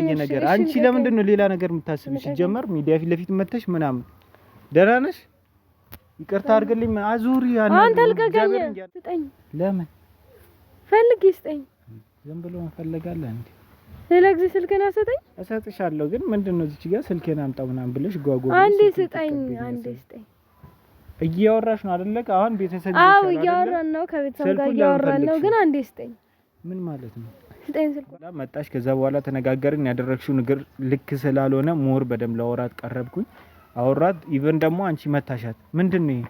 የተለያየ ነገር አንቺ ለምንድን ነው ሌላ ነገር የምታስብ? ሲጀመር ሚዲያ ፊት ለፊት መተሽ ምናምን ደህና ነሽ? ይቅርታ አድርግልኝ። አዙሪ አንተ ልቀቀኝ። ስጠኝ። ለምን ፈልግ ይስጠኝ። ዝም ብሎ እንፈልጋለን እንዴ? ስለዚህ ስልኬን አሰጠኝ። እሰጥሻለሁ፣ ግን ምንድን ነው እዚች ጋር ስልኬን አምጣው ምናምን ብለሽ ጓጓ። አንዴ ስጠኝ፣ አንዴ ስጠኝ። እያወራሽ ነው አይደለ? አሁን ቤተሰብ አዎ፣ እያወራን ነው፣ ከቤተሰብ ጋር እያወራን ነው። ግን አንዴ ስጠኝ። ምን ማለት ነው? መጣሽ። ከዛ በኋላ ተነጋገርን። ያደረግሽው ንግር ልክ ስላልሆነ ሞር በደንብ ለወራት ቀረብኩኝ፣ አወራት። ኢቨን ደግሞ አንቺ መታሻት ምንድን ነው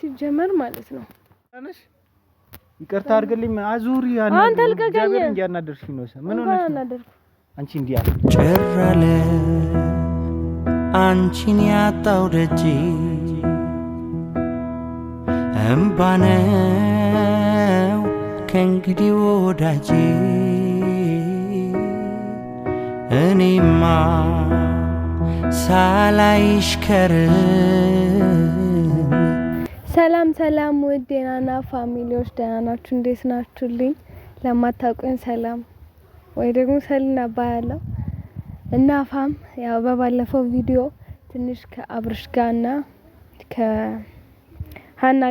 ሲጀመር ማለት ነው። ይቅርታ አድርግልኝ። አዙሪ አንተ ልቀቀኝ። እንዲያናደርሽ ነው። ምን ሆነሽ አንቺ እንዲህ አለ ጭራለ አንቺን ያጣው ደጅ እምባነው ከእንግዲህ ወዳጄ እኔማ ሳላይሽ ሰላም ሰላም፣ ውድ የናና ፋሚሊዎች ደህና ናችሁ? እንዴት ናችሁልኝ? ለማታውቁኝ ሰላም ወይ ደግሞ ሰልና እባላለሁ እና ፋም ያው በባለፈው ቪዲዮ ትንሽ ከአብርሽ ጋና ከሀና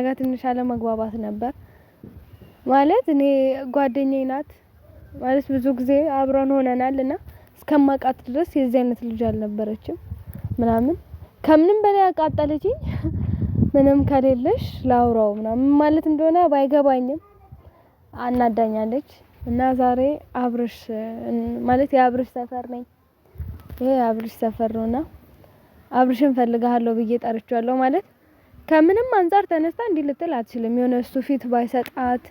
ጋር ትንሽ አለመግባባት ነበር። ማለት እኔ ጓደኛዬ ናት ማለት ብዙ ጊዜ አብረን ሆነናል እና እስከማውቃት ድረስ የዚህ አይነት ልጅ አልነበረችም ምናምን ከምንም በላይ አቃጠለችኝ። ምንም ከሌለሽ ላውራው ምናምን ማለት እንደሆነ ባይገባኝም አናዳኛለች። እና ዛሬ አብርሽ ማለት የአብርሽ ሰፈር ነኝ። ይሄ የአብርሽ ሰፈር ነውና አብርሽን ፈልጋለሁ ብዬ ጠርቻለሁ። ማለት ከምንም አንጻር ተነስታ እንዲህ ልትል አትችልም። የሆነ እሱ ፊት ባይሰጣት፣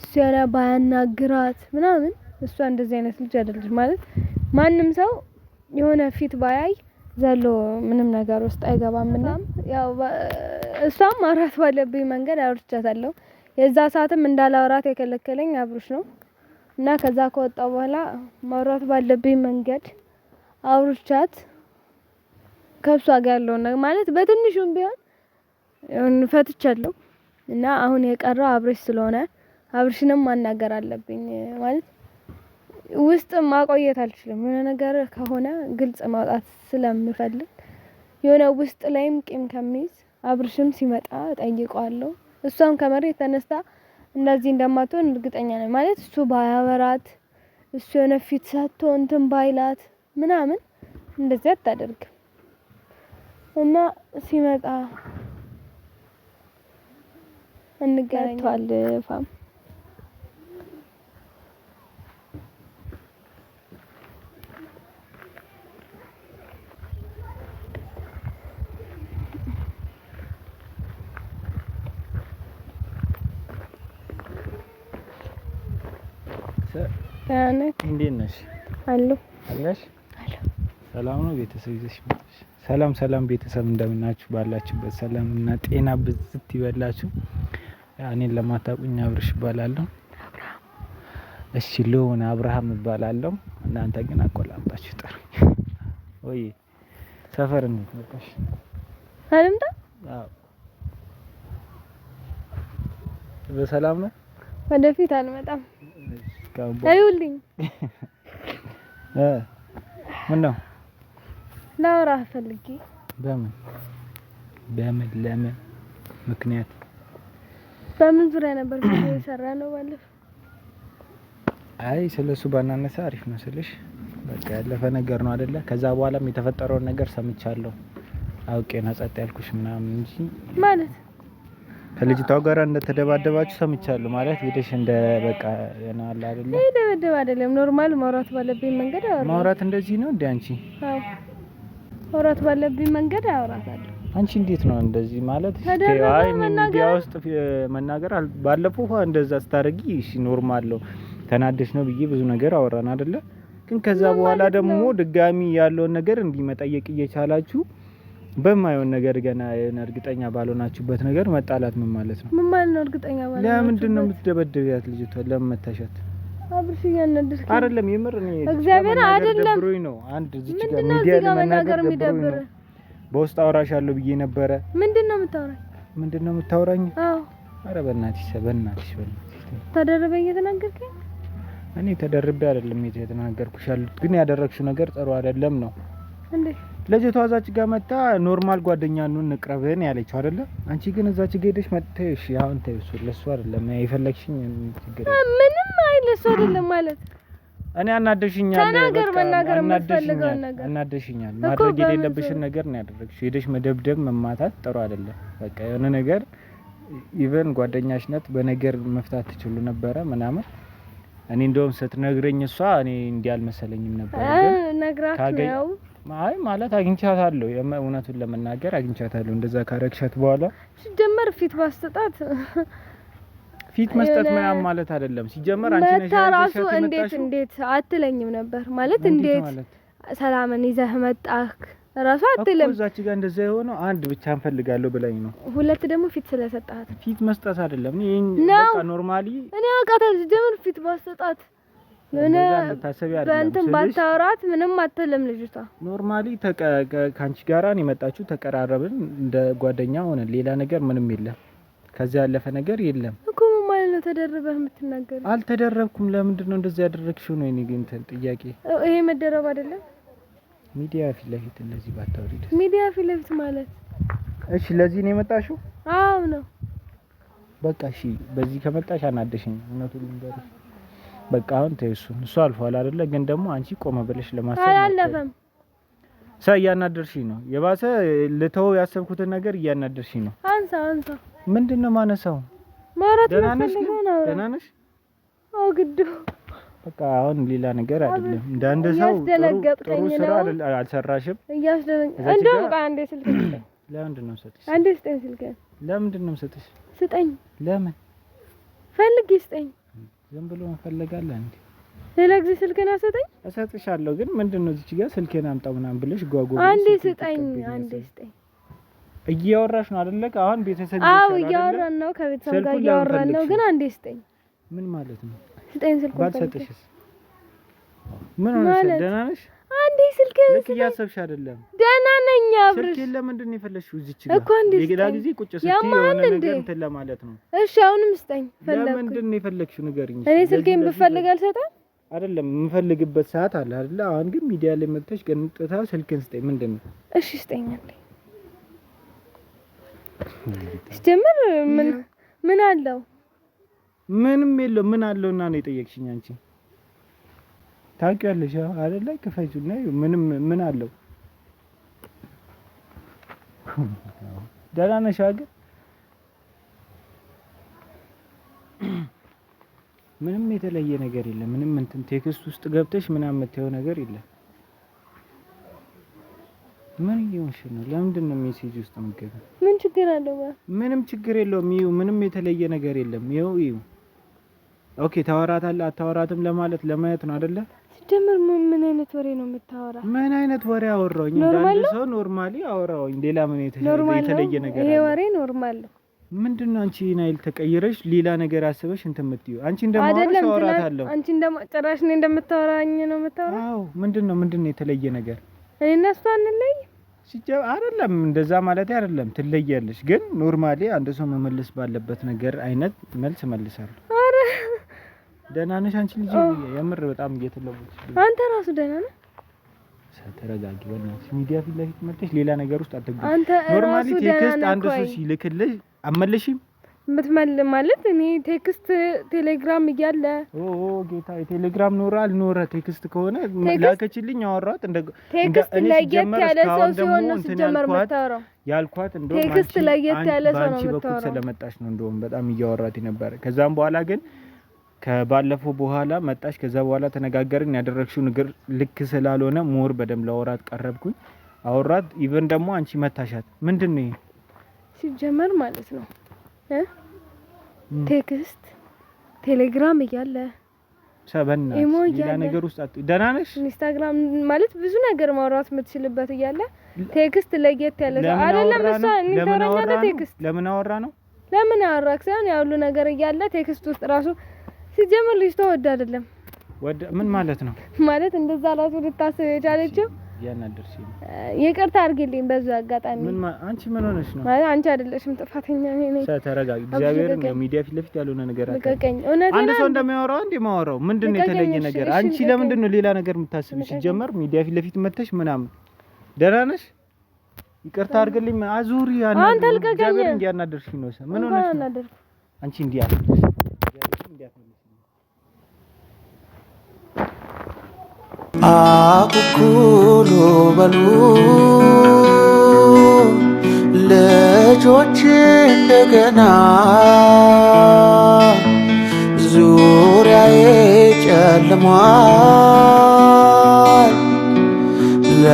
እሱ የሆነ ባያናግራት ምናምን እሷ እንደዚህ አይነት ልጅ አይደለች ማለት ማንም ሰው የሆነ ፊት ባያይ ዘሎ ምንም ነገር ውስጥ አይገባም። እና ያው እሷም ማውራት ባለብኝ መንገድ አውርቻታለሁ። የዛ ሰዓትም እንዳላውራት የከለከለኝ አብሩሽ ነው እና ከዛ ከወጣው በኋላ ማውራት ባለብኝ መንገድ አውርቻት ከብሷ ጋር ያለውን ማለት በትንሹም ቢሆን ፈትቻለሁ እና አሁን የቀረው አብርሽ ስለሆነ አብርሽንም ማናገር አለብኝ ማለት ውስጥ ማቆየት አልችልም። የሆነ ነገር ከሆነ ግልጽ ማውጣት ስለምፈልግ የሆነ ውስጥ ላይም ቂም ከሚይዝ አብርሽም ሲመጣ ጠይቀዋለሁ። እሷም ከመሬት ተነስታ እንደዚህ እንደማትሆን እርግጠኛ ነኝ። ማለት እሱ ባያበራት እሱ የሆነ ፊት ሰጥቶ እንትን ባይላት ምናምን እንደዚህ አታደርግ እና ሲመጣ እንገናኛለን ፋም እንዴት ነሽ? አሎ አለሽ አሎ ሰላም ነው ቤተሰብ ይዘሽ መጣሽ። ሰላም ሰላም ቤተሰብ እንደምናችሁ፣ ባላችሁበት ሰላም እና ጤና ብዝት ይበላችሁ። እኔን ለማታውቁኝ አብርሽ እባላለሁ። እሺ ልሆን አብርሃም እባላለሁ። እናንተ ግን አቆላምጣችሁ ጥሩ ወይ ሰፈር እንዴት መጣሽ? አልምጣ? አዎ በሰላም ነው። ወደፊት አልመጣም እዩልኝ። ምን ነው ፈልጌ። በምን በምን ለምን ምክንያት በምን ዙሪያ ነበር የሰራ ነው ባለፈው? አይ ስለሱ ባናነሳ አሪፍ ነው ስልሽ በቃ ያለፈ ነገር ነው አይደለ? ከዛ በኋላም የተፈጠረውን ነገር ሰምቻለሁ። አውቄ ነው ጸጥ ያልኩሽ ምናምን እንጂ ማለት ከልጅቷ ጋር እንደተደባደባችሁ ሰምቻለሁ። ማለት ሄደሽ እንደ በቃ የናል አይደለም ደበደብ አይደለም፣ ኖርማል ማውራት ባለብኝ መንገድ አወራ። ማውራት እንደዚህ ነው እንዴ አንቺ? አዎ ማውራት ባለብኝ መንገድ አወራታለሁ። አንቺ እንዴት ነው እንደዚህ ማለት? አይ ሚዲያ ውስጥ መናገር ባለፈው እንደዛ ስታደርጊ እሺ ኖርማል ነው ተናደሽ ነው ብዬ ብዙ ነገር አወራን አይደለ? ግን ከዛ በኋላ ደግሞ ድጋሚ ያለውን ነገር እንዲህ መጠየቅ እየቻላችሁ በማይሆን ነገር ገና እርግጠኛ ባልሆናችሁበት ነገር መጣላት ምን ማለት ነው? ምን ማለት ነው? እርግጠኛ ባልሆናችሁበት ለምንድን ነው የምትደበድቢያት? ልጅቷ ለምን መታሻት? አብርሽ እያነደሽ አይደለም። የምር ነው እግዚአብሔር አይደለም ደብሮኝ ነው። አንድ እዚህ ጋር ሚዲያ ለመናገር የሚደብር በውስጥ አውራሻለሁ ብዬ ነበረ። ምንድን ነው የምታወራኝ? ምንድን ነው የምታወራኝ? አዎ። ኧረ በእናትሽ በእናትሽ በእናትሽ ተደረበ እየተናገርከኝ እኔ ተደርቤ አይደለም የተናገርኩሽ። ያሉት ግን ያደረግሽው ነገር ጥሩ አይደለም ነው እንዴ ልጅቷ እዛች ጋር መጣ ኖርማል ጓደኛ ኑን እንቅረብን ያለችው አይደለ? አንቺ ግን እዛች ጋር ሄደሽ መጥተሽ አሁን ተይሱ ለሱ አይደለም የፈለግሽኝ ችግር ምንም አይ ለሱ አይደለም ማለት እኔ አናደሽኛል። ተናገር፣ መናገር የምትፈልገውን ነገር አናደሽኛል። ማድረግ የሌለብሽን ነገር ነው ያደረግሽ። ሄደሽ መደብደብ፣ መማታት ጥሩ አይደለም። በቃ የሆነ ነገር ኢቨን ጓደኛሽ ናት፣ በነገር መፍታት ትችሉ ነበረ ምናምን እኔ እንደውም ስትነግረኝ እሷ እኔ እንዲህ አልመሰለኝም ነበር ግን ነግራት ነው አይ ማለት አግኝቻታለሁ። እውነቱን ለመናገር አግኝቻታለሁ። እንደዛ ካረግሻት በኋላ ሲጀመር ፊት ባስጣት ፊት መስጠት ምናምን ማለት አይደለም። ሲጀመር አንቺ ነሽ ታራሱ እንዴት እንዴት አትለኝም ነበር ማለት እንዴት ሰላምን ይዘህ መጣህ ራሱ አትልም። እዛች ጋር እንደዛ የሆነው አንድ ብቻ እንፈልጋለሁ ብለኝ ነው። ሁለት ደግሞ ፊት ስለሰጣት ፊት መስጠት አይደለም። ይሄን በቃ ኖርማሊ እኔ አውቃታለሁ። ሲጀመር ፊት ባስጣት የሆነ በእንትን ባታወራት ምንም አትልም ልጅቷ። ኖርማሊ ከአንቺ ጋራ ነው የመጣችሁ፣ ተቀራረብን፣ እንደ ጓደኛ ሆነን፣ ሌላ ነገር ምንም የለም፣ ከዚያ ያለፈ ነገር የለም እኮ ማለት ነው። ተደርበህ የምትናገረው? አልተደረብኩም። ለምንድን ነው እንደዚህ ያደረግሽው ነው የእኔ እንትን ጥያቄ። ይሄ መደረብ አይደለም። ሚዲያ ፊት ለፊት እንደዚህ ባታወሪ ደስ ሚዲያ ፊት ለፊት ማለት እሺ፣ ለዚህ ነው የመጣሽው? አዎ ነው። በቃ እሺ፣ በዚህ ከመጣሽ አናደሽኝ፣ እውነቱን ልንገርሽ በቃ አሁን ተይው እሱን እሱ አልፏል አይደለ? ግን ደግሞ አንቺ ቆመ ብለሽ ለማሰብ አላለፈም። ሳ እያናደርሽኝ ነው። የባሰ ልተው ያሰብኩትን ነገር እያናደርሽኝ ነው። አንሳ አንሳ። ምንድን ነው ማነሳው? ማውራት ነው። ደህና ነሽ? አዎ ግድ በቃ አሁን ሌላ ነገር አይደለም። እንደ አንድ ሰው ጥሩ ስራ አልሰራሽም። እንደውም በቃ አንዴ ስልክ ስጠኝ። ለምንድን ነው የምሰጥሽ? አንዴ ስጠኝ ስልክ። ለምንድን ነው የምሰጥሽ? ስጠኝ። ለምን ፈልጌ ስጠኝ ዝም ብሎ እንፈልጋለን እንዴ? ሌላ ጊዜ ስልክህን አሰጠኝ። እሰጥሻለሁ፣ ግን ምንድነው እዚች ጋር ስልኬን አምጣው ምናምን ብለሽ ጓጓ። አንዴ ስጠኝ፣ አንዴ ስጠኝ። እያወራሽ ነው አይደለ? አሁን ቤተሰብ ይሻላል። እያወራን ነው፣ ከቤተሰብ ጋር እያወራን ነው። ግን አንዴ ስጠኝ። ምን ማለት ነው? ስጠኝ ስልኩን። ባልሰጥሽስ ምን ሆነሽ? ደህና ነሽ? አንዴ ስልክ ልክ እያሰብሽ አይደለም። ደህና ነኝ አብርሽ። ስልክ ለምንድን ነው የፈለግሽው? እዚች ጋር እኮ እንዴ ሌላ ጊዜ ቁጭ ስትይ የሆነ ነገር እንትን ለማለት ነው። እሺ አሁንም ስጠኝ። ፈለግኩ። ለምንድን ነው የፈለግሽው? ንገሪኝ። እኔ ስልኬን ብፈልግ አልሰጠም አይደለም። የምፈልግበት ሰዓት አለ አይደለ? አሁን ግን ሚዲያ ላይ መጥተሽ ቀንጥታ ስልክን ስጠኝ። ምንድን ነው? እሺ ስጠኝ። አለ ስትጀምር ምን ምን አለው? ምንም የለው። ምን አለውና ነው የጠየቅሽኝ አንቺ? ታውቂያለሽ አይደለ? ክፈችና ምንም ምን አለው? ደህና ነሽ አገር ምንም የተለየ ነገር የለም። ምንም እንትን ቴክስት ውስጥ ገብተሽ ምናምን የምታየው ነገር የለም። ምን እየሆንሽ ነው? ለምንድን ነው ሜሴጅ ውስጥ የምትገቢው? ምን ችግር አለው? ምንም ችግር የለውም። ይኸው ምንም የተለየ ነገር የለም። ይኸው ይኸው ኦኬ፣ ታወራታለህ አታወራትም ለማለት ለማየት ነው አይደለ? ሲጀምር ምን አይነት ወሬ ነው የምታወራ? ምን አይነት ወሬ አወራሁኝ? እንዳንድ ሰው ኖርማሊ አወራሁኝ። ሌላ ምን የተለየ ነገር አለ? ይሄ ወሬ ኖርማል ነው። ምንድን ነው አንቺ ናይል ተቀይረሽ ሌላ ነገር አስበሽ እንትን የምትይው? አንቺ እንደማወራሽ አወራታለሁ። አንቺ ጭራሽ ነው እንደምታወራኝ ነው የምታወራ? አዎ። ምንድን ነው ምንድን ነው የተለየ ነገር? እኔ እና እሷ አንለይ ሲጀምር አይደለም። እንደዛ ማለት አይደለም። ትለያለሽ፣ ግን ኖርማሊ አንድ ሰው መመለስ ባለበት ነገር አይነት መልስ መልሳለሁ። ደህና ነሽ አንቺ ልጅ? የምር በጣም እየተለወጥሽ። አንተ ራሱ ደህና ነህ? ተረጋጊ፣ በእናትሽ ሚዲያ ፊት ለፊት መጥተሽ ሌላ ነገር ውስጥ አትገቢ። አንተ ኖርማሊ ቴክስት አንድ ሰው ሲልክልሽ አመለሽም ምትመል ማለት እኔ ቴክስት ቴሌግራም እያለ ኦ ጌታ ቴሌግራም ኖረ አልኖረ ቴክስት ከሆነ ላከችልኝ አወራት። እንደ ቴክስት ለየት ያለ ሰው ሲሆን ነው ሲጀመር የምታወራው ያልኳት። እንደው ቴክስት ለየት ያለ ሰው ነው የምታወራው። ስለመጣሽ ነው እንደውም በጣም እያወራት የነበረ ከዛም በኋላ ግን ከባለፈው በኋላ መጣሽ፣ ከዛ በኋላ ተነጋገርን። ያደረግሽው ንግር ልክ ስላልሆነ ሞር በደንብ ላወራት ቀረብኩኝ። አውራት ኢቨን ደግሞ አንቺ መታሻት ምንድን ነው ሲጀመር ማለት ነው። እ ቴክስት ቴሌግራም እያለ ሰበና ሌላ ነገር ውስጥ አት ደህና ነሽ። ኢንስታግራም ማለት ብዙ ነገር ማውራት የምትችልበት እያለ ቴክስት ለየት ያለ ሰው አይደለም። እሷ እንተረኛለ ቴክስት ለምን አወራ ነው ለምን አወራክ ሳይሆን ያሉ ነገር እያለ ቴክስት ውስጥ ራሱ ሲጀምር ልጅቷ ወድ አይደለም። ምን ማለት ነው? ማለት እንደዛ ራሱ ልታስብ የቻለችው ያናደርሽኝ ይቅርታ አድርጊልኝ። በዛ አጋጣሚ ምን አንቺ ምን ሆነሽ ነው? ማለት አንቺ አይደለሽም ጥፋተኛ ነኝ ነኝ። ተረጋጊ። እግዚአብሔር ነው ሚዲያ ፊት ለፊት ያልሆነ ነገር አለ። ልቀቀኝ። እውነቴን አንድ ሰው እንደማያወራው እንደ ማወራው ምንድን ነው የተለየ ነገር? አንቺ ለምንድን ነው ሌላ ነገር የምታስቢ? ሲጀመር ሚዲያ ፊት ለፊት መተሽ ምናምን ደህና ነሽ? ይቅርታ አድርግልኝ። አዙሪ ያና አንተ ልቀቀኝ። እግዚአብሔር እንዲያናደርሽኝ ነው። ምን ሆነሽ ነው? አንቺ እንዲያ አኩኩሉ በሉ ልጆች እንደገና ዙሪያዬ ጨልሟል ለኔ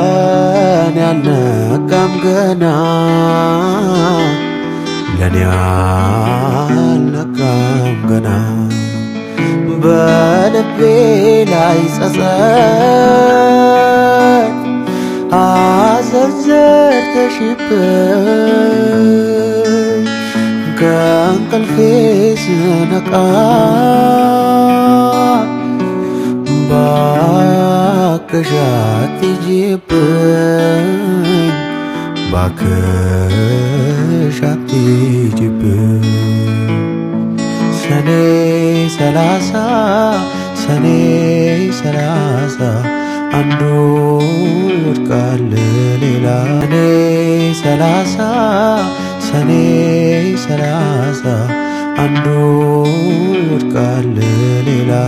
አልነቃም ገና ለኔ አልነቃም ገና በልቤ ላይ ጸጸት አዘንዘር ተሽብር ከእንቅልፌ ስነቃ ባክሽ አትሂጂብኝ ባክሽ አትሂጂብኝ ሰላሳ ሰኔ ሰላሳ አንዱ ወድቃል ሌላ ሰኔ ሰላሳ ሰኔ ሰላሳ አንዱ ወድቃል ሌላ